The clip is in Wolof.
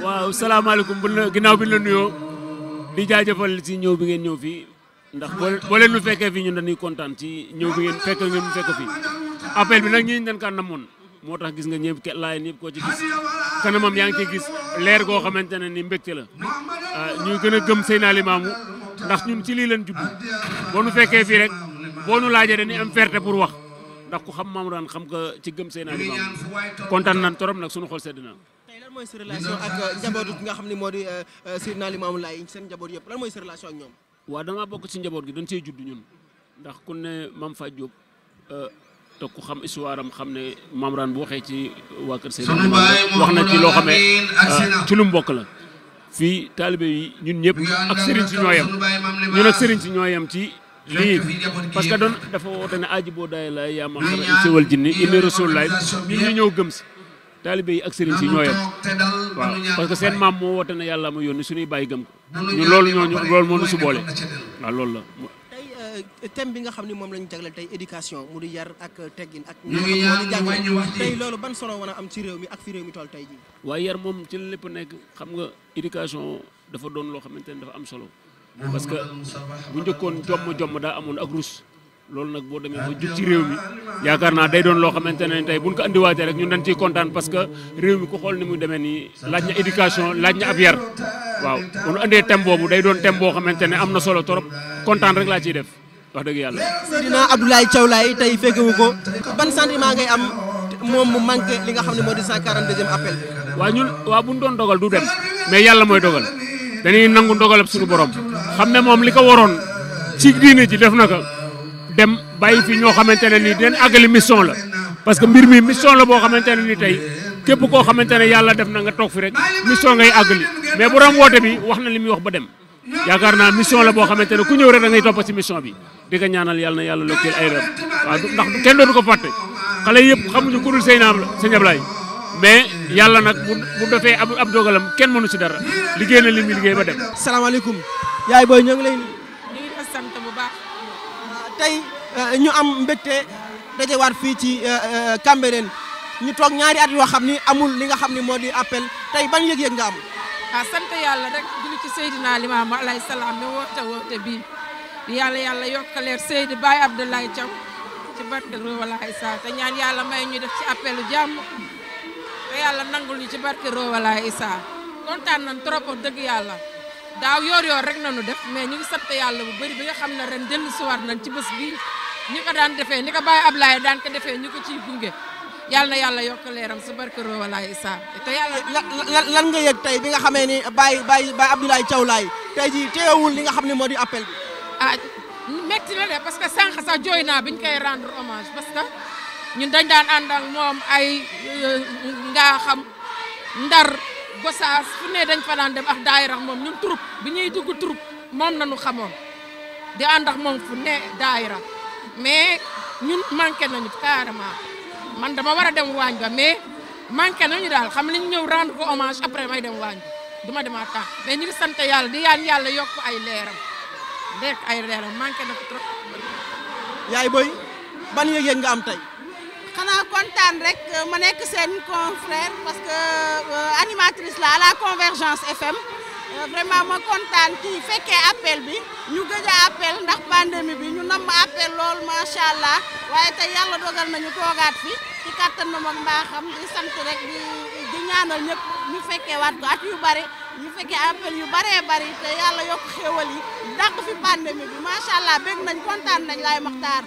waaw salaamaaleykum bu la ginnaaw bi ñu la nuyoo di jaajëfal si ñëw bi ngeen ñëw fii ndax boo leen nu fekkee fii ñun dañuy kontaan ci ñëw bi ngeen fekk ngeen mu fekk fii appel bi nag ñii dañ kaa namoon moo tax gis nga ñëpp ke laay koo ci gis kanamam yaa ngi ciy gis leer goo xamante ne ni mbégte la ah, ñuy gën a gëm Seydina Limaamu ndax ñun ci lii leen judd boo nu fekkee fii rek boo nu laajee dañuy am fierté pour wax ndax ku xam Maam Rane xam nga ci gëm Seydina Limaamu kontaan nan torop nag sunu xool sedd na lan mooy sa euh, njaboot gi nga xam ni moo di euh, euh, Seydina Limaamu seen njaboot yëpp lan mooy sa relation ak ñoom. waaw dangaa bokk ci njaboot gi dañ see judd ñun ndax ku ne Mame Faty Diop te ku xam histoire am xam ne Mame Rane bu waxee ci waa Kër wax na ci loo xam ne ci lu mbokk la. fii taalibe yi ñun ñëpp ak Serigne si ñoo yem ñun ak Serigne si ñoo yem ci lii parce que doon dafa woote ne aji daay laay yaa xam ne siwal jinni inni rasul laay ñun ñu ñëw gëm si. taalibe yi ak sëriñ si ñoo yem waaw parce que seen maam moo woote na yàlla ma yónni suñuy bàyyi gëm ko ñun loolu ñooñu loolu moo ñu si boole waa loolu la euh, thème bi nga xam ne moom la ñu jagleel tey éducation mu di yar ak teggin ak ñu ngi jàng tey loolu ban solo war am ci réew mi ak fi réew mi tey ji waaye yar moom ci la lépp nekk xam nga éducation dafa doon loo xamante ne dafa am solo parce que bu njëkkoon jomm jomm daa amoon ak rus loolu nag boo demee ba jub ci réew mi yaakaar naa day doon loo xamante ne tey bu ñu ko andiwaatee rek ñun dañ ciy kontaan parce que réew mi ku xool ni muy demee nii laaj na éducation laaj na ab yar waaw bu ñu andee thème boobu day doon thème boo xamante ne am na solo trop kontaan rek laa ciy def wax dëgg yàlla. dina Abdoulaye Thiaw Laye tey fekkewu ko ban sentiment am moom mu manqué li nga xam ne moo di 142 waa ñun waa bu ñu doon dogal du dem mais yàlla mooy dogal dañuy nangu dogalab sunu borom xam ne moom li ko waroon ci diine ji dem bàyyi fi ñoo xamante ne nii dinañ àggali mission la mbir mi mission boo xamante ne tey képp koo xamante yàlla def na nga fi rek mission ngay àggali mais borom woote bi wax na li muy wax ba dem yaakaar naa mission boo xamante ku ñëw rek da ngay topp si mission bi di ko ñaanal yàlla na yàlla lokkeel ay rem ndax kenn dootu ko fàtte xale yëpp xamuñu ku dul Seyna Sëñ Ablaye mais yàlla nag bu bu defee ab dogalam kenn mënu dara liggéey ba dem. salaamaaleykum. yaay booy ñoo ngi tey euh, ñu am mbégte dajewaat fii ci euh, euh, Cambérène ñu toog ñaari at yoo xam ni amul li nga xam ni moo di appel tey ban yëg-yëg nga am. ah sant yàlla rek julli ci Seydina Limaamu alayhi salaam mi woote woote bii yàlla yàlla yokkaleer Seydi bay Abdoulaye Thiaw ci barke Roowalaay Issa te ñaan yàlla may ñu def ci appelu jàmm te yàlla nangul ñu ci barke Roowalaay Issa kontaan nañ trop dëgg yàlla. daaw yoor yoor rek nanu def mais ñu ngi sant yàlla bu bëri bi nga xam ne ren dellu siwaat nañ ci bés bi ñi ko daan defee ni ko Baye Ablaye daan ko defee ñu ko ciy gunge yàlla na yàlla yokk leeram su barke roowalaay Issa te yàlla la lan nga yëg tey bi nga xamee ni Baye Baye Baye Abdoulaye Thiaw Laye tey jii teewul li nga xam ne moo di appel bi ah métti na de parce que sànq sax jooy naa biñ koy rendre hommage parce que ñun dañ daan ànd ak moom ay euh, nga xam ndar Gosaas fu ne dañ fa daan dem ak daayira moom ñun troupe bi ñuy dugg troupe moom nañu xamoon di ànd ak moom fu ne daayira mais ñun manqué nañu carrément man dama war a dem waañ ba mais manqué nañu daal xam ñu ñëw rendre ko hommage après may dem waañ bi duma demaat temps mais ñu ngi sant yàlla di yaan yàlla yokk ay leeram dekk ay leeram manqué na ko trop. yaay boy ban yëg-yëg nga am tey. xanaa kontaan rek euh, ma nekk seen confrère parce que euh, animatrice la à la Convergence FM euh, vraiment ma kontaan ci fekkee appel bi ñu gëj appel ndax pandémie bi ñu namm appel lool macha allah waaye tey yàlla dogal nañu toogaat fi ci kattanam ak mbaaxam di sant rek di di ñaanal ñu fekkee waat ko at yu bari ñu fekkee appel yu baree bari te yàlla yokk xéewal yi dàq fi pandémie bi macha allah bég nañ kontaan nañ laay maxtaar